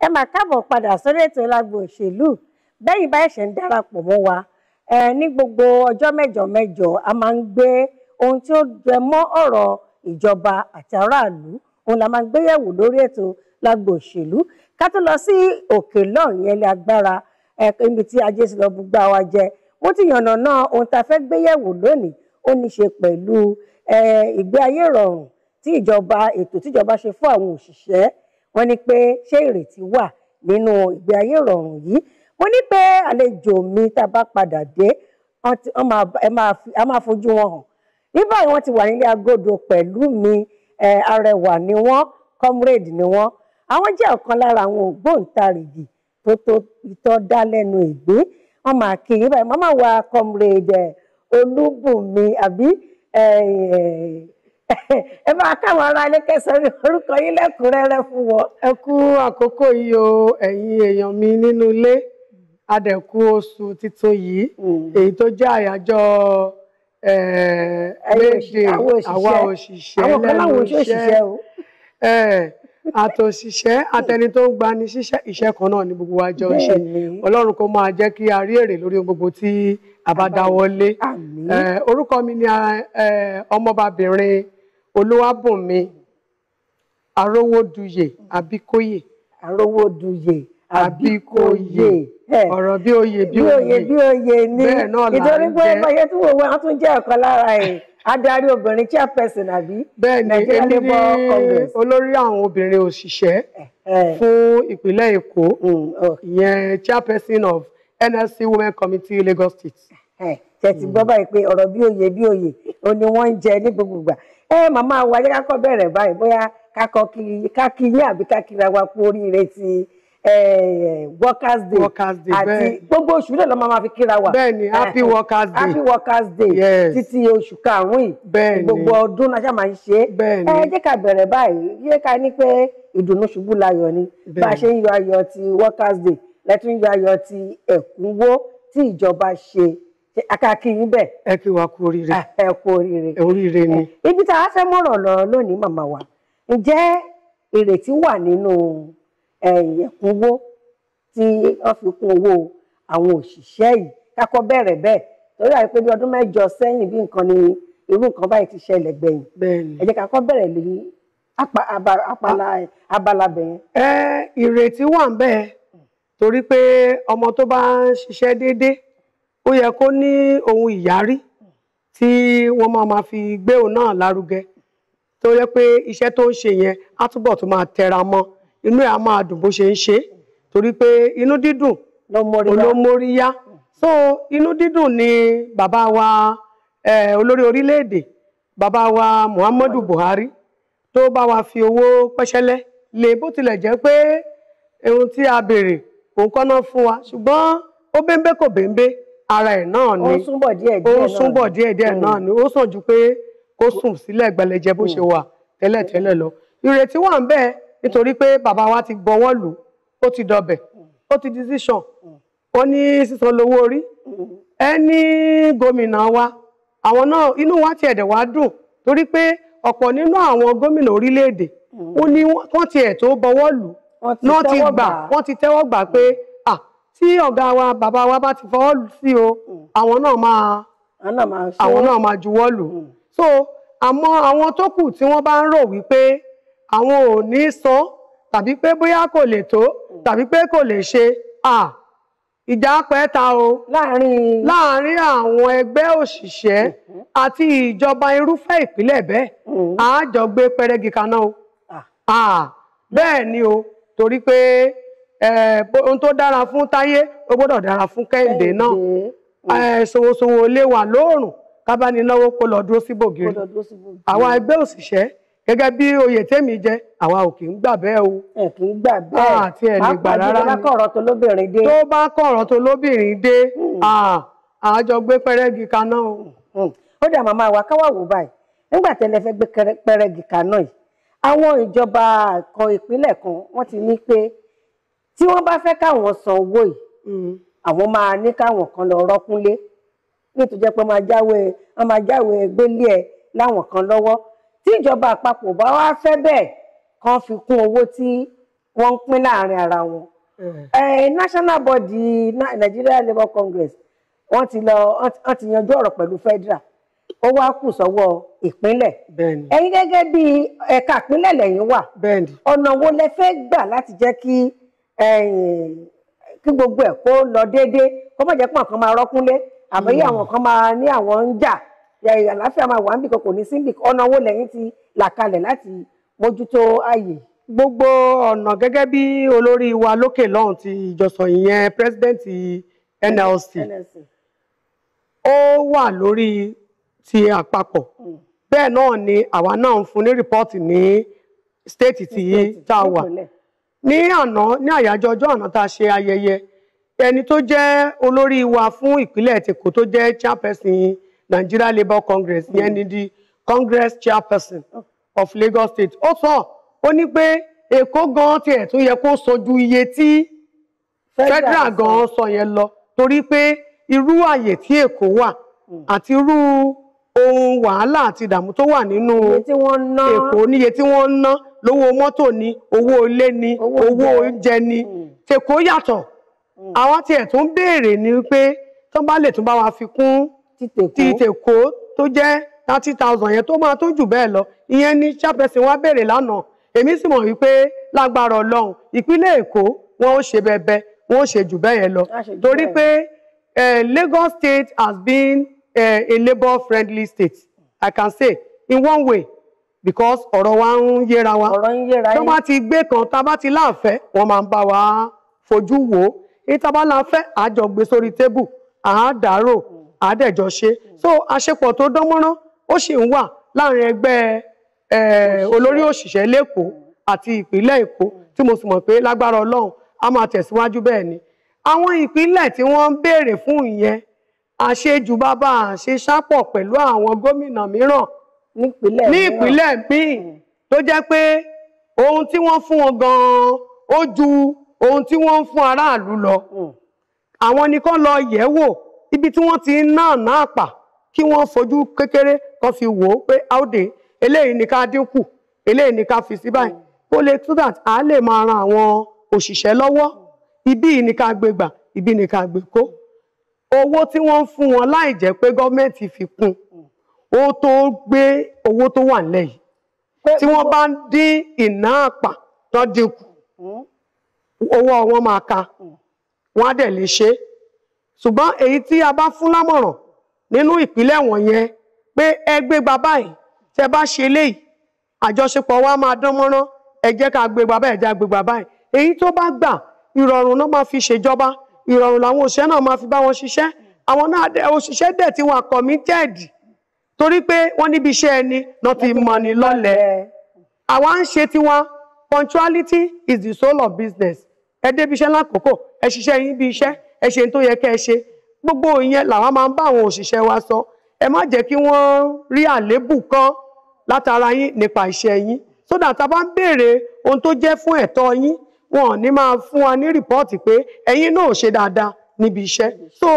ẹ máa káàbọ̀ padà sórí ètò lágbo òṣèlú bẹ́yìn bá ẹ̀ṣẹ̀ ń darapọ̀ mọ́ wa ní gbogbo ọjọ́ mẹ́jọ mẹ́jọ a máa ń gbé ohun tí ó jẹ mọ́ ọ̀rọ̀ ìjọba àti aráàlú òun la máa ń gbéyẹ̀wò lórí ètò lágbo òṣèlú ká tó lọ sí òkè lọ́hùn yẹn lé agbára ibi tí ajé sì lọ gbà wá jẹ mo ti yànnà náà ohun tá a fẹ́ gbéyẹ̀wò lónìí ó ní ṣe pẹ̀lú ìgbé ayé ìrọ̀rùn tí ìjọba ètò tíjọba ṣe fún àwọn òṣìṣẹ́ wọ́n ní pé ṣé ìrètí wà nínú ìgbé ayé ìrọ̀rùn yìí mo ní pé àlejò mi tá a bá padà dé a máa fojú wọn hàn ní báyìí wọ́n ti wà nílé agodo pẹ̀lú mi arẹwà ni wọ́n comrade ni wọ́n àwọn jẹ́ ọ̀kan lára àwọn ògbóǹtarìgì tó tó ìtọ́ dá lẹ́nu ìgbín wọ́n máa kí yín báyìí màmá wa comrade olúbùnmi àbí ẹ máa káwọn ará ilé kẹsàn-án ní orúkọ yín lẹ́kùnrẹ́rẹ́ fún wọn. ẹ kú àkókò yìí o ẹ̀yin èèyàn mi nínú ilé adẹ̀kú oṣù titun yìí mm. èyí tó jẹ́ àyájọ́ méje àwa òṣìṣẹ́ lẹ́nu iṣẹ́ àtòṣìṣẹ́ àtẹni tó ń gbani ṣíṣẹ́ iṣẹ́ kan náà ni gbogbo wa ṣe ọlọ́run kó máa jẹ́ kí a rí èrè lórí gbogbo tí a bá dáwọ́lé orúkọ mi ni ọmọbabìnrin olúwàbùnmi arówóduyè àbíkóyè. arówóduyè àbíkóyè ọ̀rọ̀ bí oyè bí oyè bí oyè ni bẹ́ẹ̀ náà là ń jẹ́ ìtorí pé báyẹn tí wò wọ́n á tún jẹ́ ọ̀kan lára ẹ̀ adarí obìnrin chairperson àbí Nigeria Labour Congress. bẹ́ẹ̀ ni olórí àwọn obìnrin òṣìṣẹ́ fún ìpínlẹ̀ Èkó mm, ìyẹn chairperson of NLC Women Committee Lagos State. tẹ̀sí gbọ́ báyìí pé ọ̀rọ̀ bí oyè bí oyè ó ní wọ́n ń jẹ ní gbogbo ìgbà ẹ màmá wa yẹ kákọ́ bẹ̀rẹ̀ báyìí bóyá kakọ kí kákí yín àbí kákìra wa kú oríire ti workers day workers day àti gbogbo oṣù náà ló máa fi kíra wa bẹ́ẹ̀ni happy workers day happy workers day títí oṣù karùnún yìí bẹ́ẹ̀ni gbogbo ọdún náà ṣáà máa ń ṣe bẹ́ẹ̀ni ẹ jẹ́ ká bẹ̀rẹ̀ báyìí yẹ ká ní pé ìdùnnú ṣubú láyọ̀ ni bá a ṣe ń yọ ayọ̀ ti workers day lẹ́tún yọ ayọ̀ ti ẹ̀kúnwó tí ìjọba ṣe akáàkì yín bẹ́ẹ̀. ẹ kí wa kú oríire. Ah, ẹ kú oríire. oríire ni. Eh, ibi tá a fẹ́ mọ̀rọ̀ lọ lónìí màmá wa ǹjẹ́ ìrètí wà nínú eh, ẹ̀kúnwó tí wọ́n fi kún owó àwọn òṣìṣẹ́ yìí kákọ́ bẹ̀rẹ̀ bẹ́ẹ̀ torí àìpé bí ọdún mẹ́jọ sẹ́yìn bí nǹkan ni irú nǹkan báyìí ti ṣẹlẹ̀ gbẹ̀yìn. bẹ́ẹ̀ni ẹ jẹ́ kákọ́ bẹ̀rẹ̀ lórí abala bẹ̀yẹn. ẹ eh, ìrètí wà ń bẹ́ẹ̀ torí pé ọmọ tó bá ń ṣiṣẹ́ déédéé ó yẹ kó ní ohun ìyárí tí wọ́n máa ma fi gbé òun náà lárugẹ tó yẹ pé iṣẹ́ tó ń ṣe yẹn á túbọ̀ tó máa tẹra mọ inú ẹ̀ á máa dùn bó ṣe ń ṣe torí pé inú dídùn olómóríyá so inú dídùn ni bàbá wa olórí orílẹ̀-èdè bàbá wa Muhammadu Buhari tó bá wa fi owó pẹ́ṣẹ́lẹ́ lè bó tilẹ̀ jẹ́ pé ohun tí a béèrè òun kọ́ náà fún wa ṣùgbọ́n ó bẹ́ńbẹ́ kò bẹ́ńbẹ́ ara ẹ̀ náà ni ó ń súnbọ̀ díẹ̀ díẹ̀ náà ni ó sàn ju pé kó sùn sílẹ̀ gbẹlẹjẹ bó ṣe wà tẹ́lẹ̀ tẹ́lẹ̀ lọ ìrètí wà ń bẹ́ẹ̀ nítorí pé bàbá wa ti gbọ́wọ́ lù ó ti dọbẹ̀ ó ti decision ó ní sísan lówó orí ẹni gómìnà wa àwọn náà inú wa ti ẹ̀dẹ̀ wá dùn torí pé ọ̀pọ̀ nínú àwọn gómìnà orílẹ̀-èdè ó ní wọ́n ti tó bọwọ́ lù wọ́n ti tẹ́wọ́ gbà pé tí ọ̀gá wa bàbá wa bá ti fọwọ́ sí o hmm. àwọn náà máa àwọn náà máa juwọ́ lù hmm. so àmọ́ àwọn tó kù tí wọ́n bá ń rò wípé àwọn ò ní sọ tàbí pé bóyá kò lè tó hmm. tàbí pé kò lè ṣe à ìjà pẹ́ta o láàárín àwọn ẹgbẹ́ òṣìṣẹ́ àti ìjọba irúfẹ́ ìpínlẹ̀ bẹ́ẹ̀ àá jọ gbé pẹ́rẹ́gì kaná o bẹ́ẹ̀ ni o torí pé Eh, ohun tó dára fún táyé ó gbọ́dọ̀ dára fún kẹ́hìndé náà ṣòwòṣòwò lè wà lóòrùn kábánináwó kó lọ dúró sí bògiri àwọn ẹgbẹ́ òṣìṣẹ́ gẹ́gẹ́ bí oyè tèmi jẹ àwa ò kì gbà bẹ́ẹ̀ o. ẹ kì í gbà bẹ́ẹ̀ ah, àti ẹ lè gbà rárá ni tó bá kọ̀rọ̀ tó lóbìnrin dé. tó bá kọ̀rọ̀ tó lóbìnrin dé àjọ hmm. ah, gbé pẹrẹgì kaná o. Hmm. ó dà màmá wa káwá wò báyìí nígbà tẹ́lẹ̀ fẹ́ gbé pẹrẹgì kaná yìí àwọn ìjọba kan ìpínlẹ̀ kan wọ́n ti ní pé tí wọ́n bá fẹ́ káwọn san owó yìí mm. àwọn máa ní káwọn kan lọ rọ́kúnlé nítorí jẹ́ pé máa jáwé wọ́n máa jáwé gbélé ẹ̀ láwọn kan lọ́wọ́ tí ìjọba àpapọ̀ bá wá fẹ́ bẹ́ẹ̀ kan fi kún owó tí wọ́n ń pín láàrin ara wọn. Mm. national body Nigeria Labour Congress wọ́n ti lọ wọ́n ti yanjú ọ̀rọ̀ pẹ̀lú federal ó wá kù sọ́wọ́ ìpínlẹ̀ ẹ̀yin gẹ́gẹ́ bí ẹ̀ka ìpínlẹ̀ lẹ́yìn wà ọ̀nà wo lẹ fẹ́ gbà láti jẹ́ kí kí gbogbo ẹ̀ kó lọ déédéé kó má jẹ́ pọ̀ kan máa rọ́kúnlé àbí hmm. àwọn kan máa ní àwọn ń jà àlàáfíà máa wà níbì kan kò ní síbì ọ̀nà owó lẹ́yìn ti là kalẹ̀ láti mójútó ààyè. gbogbo ọ̀nà gẹ́gẹ́ bí olórí wa lókè lọ́hùn ti ìjọsọ ìyẹn president NLC ó wà lórí ti àpapọ̀ hmm. bẹ́ẹ̀ náà ni àwa náà ń fún ní rìpọ́ọ̀tì ní stéètì tí tá a wà ní àná ní àyájọ́ ọjọ́ àná tá a ṣe ayẹyẹ ẹni tó jẹ́ olórí wa fún ìpínlẹ̀ èkó tó jẹ́ chairperson Nigeria Labour Congress yẹn ni di Congress chairperson of Lagos State ó sọ ó ní pé èkó gan tiẹ̀ tó yẹ kó sojú iye tí federal gan sọ yẹn lọ torí pé irú àyè tí èkó wà hmm. àti irú ohun wàhálà àti ìdààmú tó wà nínú èkó níye tí wọ́n ń ná lówó mọ́tò ni owó ilé ni owó oúnjẹ ni mm. tèkó yàtọ̀ mm. àwọn tiẹ̀ tó ń béèrè ni pé tó bá lè tún bá wa fi kún ti tèkó tó jẹ́ thirty thousand yẹn tó máa tó jù bẹ́ẹ̀ lọ ìyẹn ni ṣàpẹ̀sìn wa béèrè lánàá èmi sì mọ̀ wípé lágbára ọlọ́run ìpínlẹ̀ èkó wọn ó ṣe bẹbẹ wọn ó ṣe jù bẹ́ẹ̀ yẹn lọ torí pé Lagos state has been uh, a labour friendly state I can say in one way because ọ̀rọ̀ wa ń yéra wa ọ̀rọ̀ ń yéra yín tó bá ti gbé kan tá bá ti láǹfẹ́ wọ́n máa ń bá wa fojú wò ó èyí bá láǹfẹ́ àjọ gbé sórí tébù àádàárò àádẹ́jọ ṣe so àṣepọ̀ tó dánmọ́rán ó sì ń wà láàrin ẹgbẹ́ olórí òṣìṣẹ́ lẹ́kọ̀ọ́ àti ìpínlẹ̀ èkó tí mo sì mọ̀ pé lágbára ọlọ́run a máa tẹ̀síwájú bẹ́ẹ̀ ni àwọn ìpínlẹ̀ tí wọ́n ń béèrè fún ìyẹn àṣejù bàbá àṣeṣápọ̀ pẹ̀lú àwọn gómìnà mìíràn ní ìpínlẹ̀ míì tó jẹ́ pé ohun tí wọ́n fún wọn gan-an ó ju ohun tí wọ́n ń fún aráàlú lọ hmm. àwọn nìkan lọ yẹ̀ wò ibi tí wọ́n ti ń náà náà pà kí wọ́n fojú kékeré kan fi wò ó pé áódè eléyìí ní ká dínkù eléyìí ní ká fi sí báyìí kó hmm. lè so that a lè máa ran àwọn òṣìṣẹ́ lọ́wọ́ ibí ní ká gbé gbà ibí ní ká gbé kó owó tí wọ́n ń fún wọn láì jẹ́ pé gọ́ọ̀mẹ̀ntì fi kún un ó tó gbé owó tó wà nílẹ̀ yìí tí wọ́n bá ń dín ìná àpà tó dínkù hmm. owó wọn máa ka hmm. wọ́n á dẹ̀ lè ṣe é ṣùgbọ́n èyí tí a bá fún lámọ̀ràn nínú ìpínlẹ̀ wọ̀nyẹn pé ẹ gbé bàbá yìí tẹ bá ṣe léyìí àjọṣepọ̀ wa máa dán mọ́rán ẹ jẹ́ ká gbé bàbá ẹ̀ gbé bàbá ẹ̀ èyí tó bá gbà ìrọ̀rùn náà máa fi ṣèjọba ìrọ̀rùn làwọn òṣìṣẹ́ náà máa fi bá wọn ṣiṣẹ́ àwọn náà òṣìṣẹ́ dẹ̀ tí wọ́n committed torí pé wọ́n níbi iṣẹ́ ẹni náà ti mọ̀ni lọ́lẹ̀ àwa ń ṣe tiwọn punctuality is the soul of business ẹ débi iṣẹ́ lákòókò ẹ ṣiṣẹ́ yín bí iṣẹ́ ẹ ṣe tó yẹ kẹ́ ẹ ṣe gbogbo ìyẹn làwọn máa ń bá àwọn òṣìṣẹ́ wa sọ ẹ má jẹ́ kí wọ́n rí àléébù kan látara yín nípa iṣẹ́ yín sódà tá a bá ń béèrè ohun tó jẹ́ fún ẹ̀tọ́ yín wọn ò ní máa fún wa ní rìpọ́ọ̀tì pé ẹ̀yin náà ṣe dáadáa níbi iṣẹ́ so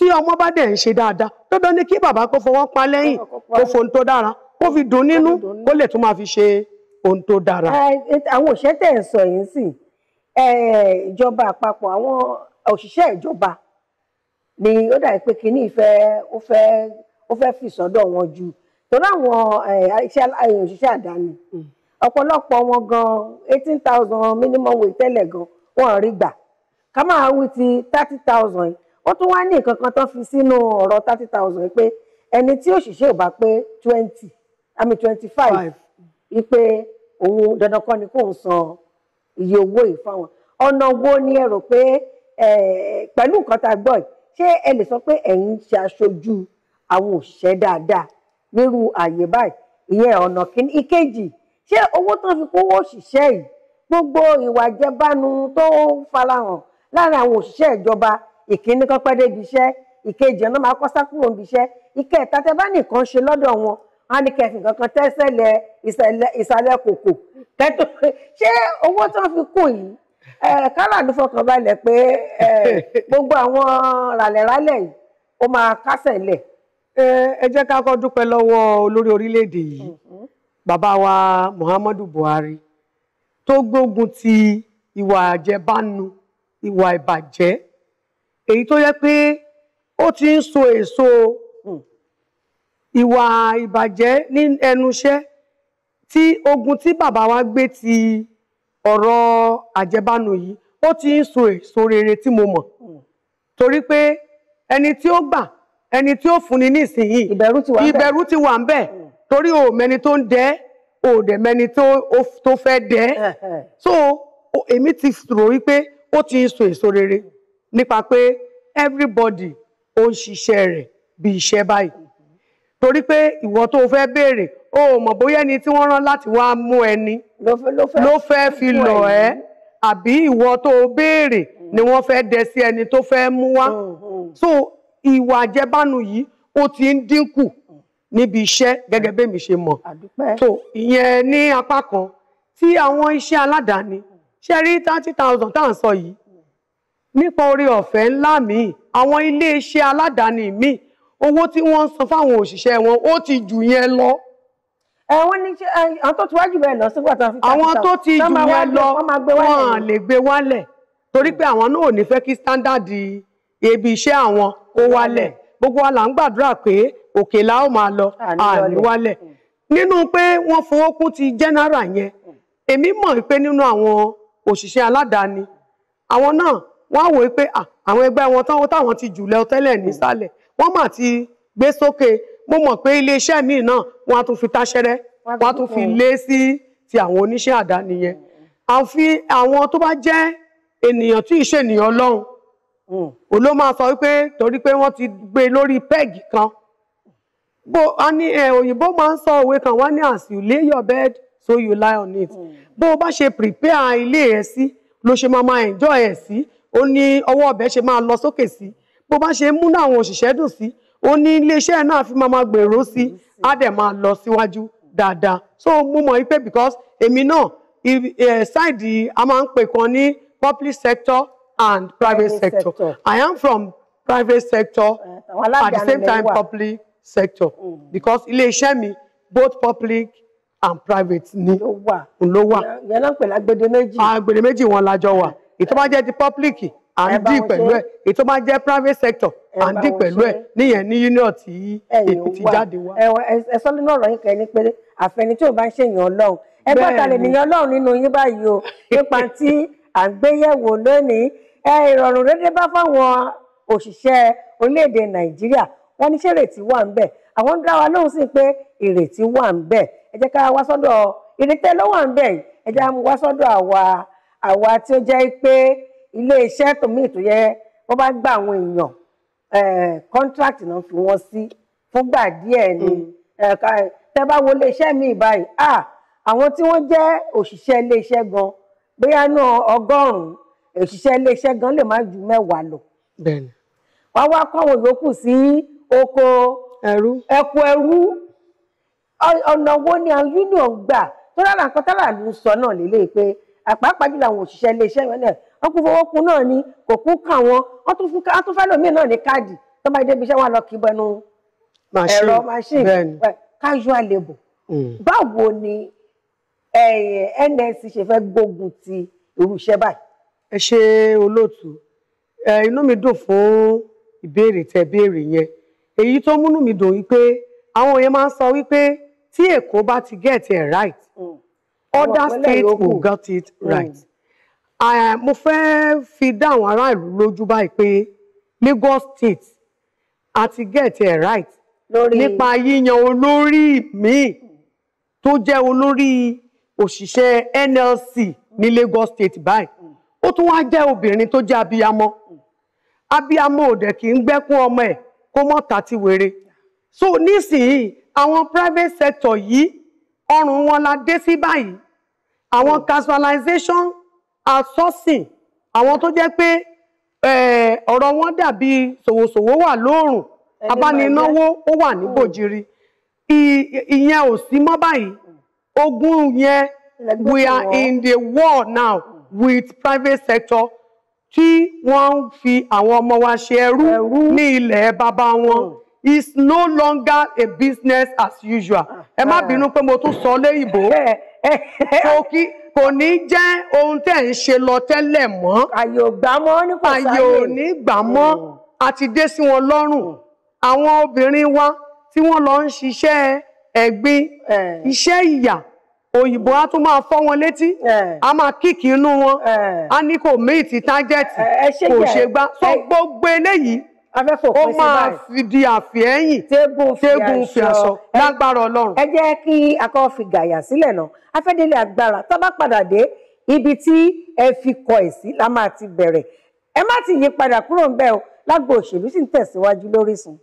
tí ọmọ bá dẹ̀ ń ṣe dáadáa dandan ni kí bàbá kó fọwọ́ pa lẹ́yìn kó fohun tó dára kó fi dùn nínú kó lè tún máa fi ṣe ohun tó dára. àwọn òṣìṣẹ́ tẹ̀ ń sọ yìí sì ìjọba àpapọ̀ àwọn òṣìṣẹ́ ìjọba ni ó dàbí pé kínní ìfẹ́ ó fẹ́ ó fẹ́ fi sọ́dọ̀ wọn ju torí àwọn òṣìṣẹ́ àdáni hmm. ọ̀pọ̀lọpọ̀ wọn gan eighteen thousand minimum wage tẹ́lẹ̀ gan wọn rí gbà ká máa wí ti thirty thousand wọ́n tún wá ní nǹkan kan tó fi sínú ọ̀rọ̀ thirty thousand pé ẹni tí òṣìṣẹ́ ò bá pé twenty àmì twenty five wípé òun dandan kọ́ ni kóun san iye owó yìí fáwọn ọ̀nà wo ni ẹ rò pé pẹ̀lú nǹkan tá a gbọ́ yìí ṣé ẹ lè sọ pé ẹ̀yin ṣe aṣojú àwọn òṣìṣẹ́ dáadáa nírú àyè báyìí ìyẹn ọ̀nà kìíní ìkejì ṣé owó tó fi kówó òṣìṣẹ́ yìí gbogbo ìwà jẹbánu tó farahàn láàrin àwọn òṣìṣẹ́ ìjọba ìkíní kan pẹ́ débi iṣẹ́ ìkejì ọ̀nà máa kọ́ sákúrò níbi iṣẹ́ ìkẹta tẹ bá nìkan ṣe lọ́dọ̀ wọn á ní kẹfì kankan tẹ́sẹ̀lẹ̀ ìsàlẹ̀ kòkò kẹtó ṣé owó tó ń fi kù yìí kálà ló fọkàn balẹ̀ pé gbogbo àwọn ràlẹ̀ràlẹ̀ yìí ó máa kásẹ̀ lẹ̀. ẹ jẹ́ ká kọ́ dúpẹ́ lọ́wọ́ olórí orílẹ̀-èdè yìí mm-hmm. bàbá wa Muhammadu Buhari tó gbógun ti ìwà àjẹbánu ìwà ìbàjẹ́ èyí tó yẹ pé ó ti ń so èso hmm, ìwà ìbàjẹ́ ní ẹnu iṣẹ́ tí ogun tí bàbá wa gbé ti ọ̀rọ̀ àjẹbánu yìí ó ti ń so èso rere tí mo mọ̀ hmm. torí pé ẹni tí ó gbà ẹni tí ó fúnni ní ìsinyìí ìbẹ̀rù ti wà ń bẹ̀ hmm. torí o mẹni tó ń dẹ́ o dẹ̀ mẹni tó fẹ́ dẹ́ so èmi ti rò wípé ó ti ń so èso rere nípa pé everybody ó ń ṣiṣẹ́ rẹ̀ bí iṣẹ́ báyìí torí pé ìwọ tó fẹ́ béèrè o ò mọ̀ bóyá ẹni tí wọ́n rán láti wá mú ẹni ló fẹ́ fi lọ ẹ́ àbí ìwọ tó béèrè ni wọ́n fẹ́ dẹ sí ẹni tó fẹ́ mú wá mm, mm. so ìwà àjẹbánu yìí ó ti ń dínkù níbi iṣẹ́ gẹ́gẹ́ bẹ́ẹ̀ mi ṣe mọ̀ so ìyẹn ní apá kan tí àwọn iṣẹ́ aládàáni ṣe rí thirty thousand tá à ń sọ yìí nípa oore ọ̀fẹ́ ńlá míì àwọn iléeṣẹ́ aládàáni míì owó tí wọ́n ń san fáwọn òṣìṣẹ́ wọn ó ti jù yẹn lọ. àwọn ní àwọn tó ti wájú bẹ́ẹ̀ lọ sígbà tó fi tàbí tàbí àwọn tó ti jù yẹn lọ wọ́n lè gbé wálẹ̀ torí pé àwọn náà ò ní fẹ́ kí sítándàdì ebi iṣẹ́ àwọn kó wálẹ̀ gbogbo wa là ń gbàdúrà pé òkè la ó máa lọ àní wálẹ̀ mm. nínú pé wọ́n fowó kún ti general yẹn mm. èmi mọ̀ pé nínú àwọn òṣìṣẹ́ aládàáni àwọn náà wọ́n á wòó pé àwọn ẹgbẹ́ wọn táwọn táwọn ti jù lọ tẹ́lẹ̀ nísàlẹ̀ wọ́n mà ti gbé sókè mo mọ̀ pé iléeṣẹ́ míì náà wọ́n á tún fi táṣẹ́rẹ́ wọ́n á tún fi lé sí ti àwọn oníṣẹ́ àdáni yẹn àfi àwọn tó bá jẹ́ ènìyàn tí ìṣe ènìyàn ọlọ́run òló hmm. máa sọ wípé torí pé wọ́n ti gbé e lórí pẹ́ẹ̀gì kan bó a ní òyìnbó máa ń sọ òwe kan wá ní as you lay your bed so you lie on it hmm. bó o bá ṣe prepare ilé ẹ sí ló ṣe máa máa enjoy ẹ sí ó ní ọwọ́ ọbẹ̀ ṣe máa lọ sókè sí bó bá ṣe ń múnú àwọn òṣìṣẹ́ dùn sí ó ní iléeṣẹ́ náà fi máa gbèrò sí á dẹ̀ máa lọ síwájú dáadáa so mo mọ̀ wípé because èmi náà ṣáìdì eh, a máa ń pè kan ní public sector and private sector I am from private sector eh, at the same time public sector hmm. because iléeṣẹ́ mi both public and private ni ló wà. yẹn náà pẹ̀lú agbede méjì. agbede méjì wọn lajọ wà ètò máa jẹ́ ti public à ń pẹ̀lú ẹ̀ ètò máa jẹ́ private sector à ń dì pẹ̀lú ẹ̀ níyẹn ní union tí ti jáde wá. ẹ sọ nínú ọ̀rọ̀ yín kẹ́ ni pé àfẹni tí ò bá ń ṣèyàn ọlọ́run ẹ gbọ́dọ̀ lè nìyàn ọlọ́run nínú yín báyìí o nípa tí à ń gbéyẹ̀wò lónìí ẹ ìrọ̀rùn déédéé bá fáwọn òṣìṣẹ́ orílẹ̀-èdè nàìjíríà wọ́n ní ṣé ìrètí wà ń bẹ̀ àwọn ń dá wa lóhùn sí pé ìrètí wà ń bẹ̀ ẹ jẹ́ ká wá sọ́dọ̀ ìrètí ló wà ń bẹ̀ ẹ jẹ́ ká wá sọ́dọ̀ àwa àwa tí ó jẹ́ pé iléeṣẹ́ tòmíì tó yẹ wọ́n bá gba àwọn èèyàn contract náà fi wọ́n sí fúngbà díẹ̀ ni mm. tẹ́ bá wo iléeṣẹ́ míì báyìí àwọn tí wọ́n jẹ́ òṣìṣẹ́ iléeṣẹ́ gan bóyá náà ọgọ́rùn-ún òṣìṣẹ́ iléeṣẹ́ gan lè má ju mẹ́wàá lọ. bẹ́ẹ̀ni. wọ́n wá kọ́ àwọn yòókù sí oko ẹrú ẹ̀kú ẹrú ọ̀nà wo ni àwọn union gbà tó dára nǹkan tára ló ń sọ náà lélẹ́yìí pé àpáàpá jùlọ àwọn òṣìṣẹ́ iléeṣẹ́ ìwé náà wọ́n kún fowó kun náà ni kò kún kàn wọ́n wọ́n tún fún wọ́n tún fẹ́ lòmíì náà ní káàdì tó bá débi iṣẹ́ wọn lọ kí bẹnu ẹ̀rọ machine casual labour hmm. báwo ni NSC ṣe fẹ́ gbógun ti irú iṣẹ́ báyìí. ẹ ṣe olóòtú inú mi dùn fún ìbéèrè tẹ béèrè yẹn èyí tó múnú mi dùn wípé àwọn yẹn máa ń sọ wípé tí Èkó bá ti get it right. Mm other states will get it hmm. right. mo fẹ́ fi dá àwọn aráàlú lójú báyìí pé Lagos state àti get it right nípa yíyan olórí míì tó jẹ́ olórí òṣìṣẹ́ NLC ní Lagos state báyìí ó tún wáá jẹ́ obìnrin tó jẹ́ abiyamọ abiyamọ ò dẹ̀ kì í gbẹ́kún ọmọ ẹ̀ kó mọ̀ tàti wèrè so nísìnyí àwọn private sector yìí ọrùn wọn la dé sí báyìí àwọn hmm. casualization outsourcing àwọn tó jẹ́ pé ọ̀rọ̀ wọn dàbí ṣòwòṣòwò wà lóòrùn abánináwó ó wà ní hmm. bòjìrì ìyẹn ò sí mọ́ báyìí hmm. ogun yẹn we are in the war now with private sector tí wọ́n ń fi àwọn ọmọ wa ṣe ẹrú ní ilẹ̀ bàbá wọn it's no longer a business as usual. Ah ẹ má ah. bínú pé mo tún sọ léyìnbó ṣókí eh, eh, eh. kò ní jẹ́ ohun tẹ́ ń ṣe lọ tẹ́lẹ̀ mọ́ àyè ò gbà mọ́ nípa sáyé àyè ò ní gbà mọ́ àti hmm. dé sí wọn lọ́rùn hmm. àwọn obìnrin wa tí wọ́n lọ ń ṣiṣẹ́ ẹ̀gbin iṣẹ́ ìyà òyìnbó á tún máa fọ́ wọn létí a máa kíkì inú wọn a ní kò mí ìtì tájẹ́tì kò ṣe gbá sọ gbogbo eléyìí afẹ́fọ̀ pín sí báyìí. ó máa fi di àfihẹ́yìn tégún fi aṣọ lágbára ọlọ́run. ẹ jẹ́ kí akọ́ fi gàyà sílẹ̀ náà afẹ́délé agbára tó bá padà dé ibi tí ẹ fi kọ ẹ̀ sí la máa ti bẹ̀rẹ̀ ẹ má ti yí padà kúrò ń bẹ̀ o lágbo òṣèlú sì ń tẹ̀síwájú lórísun.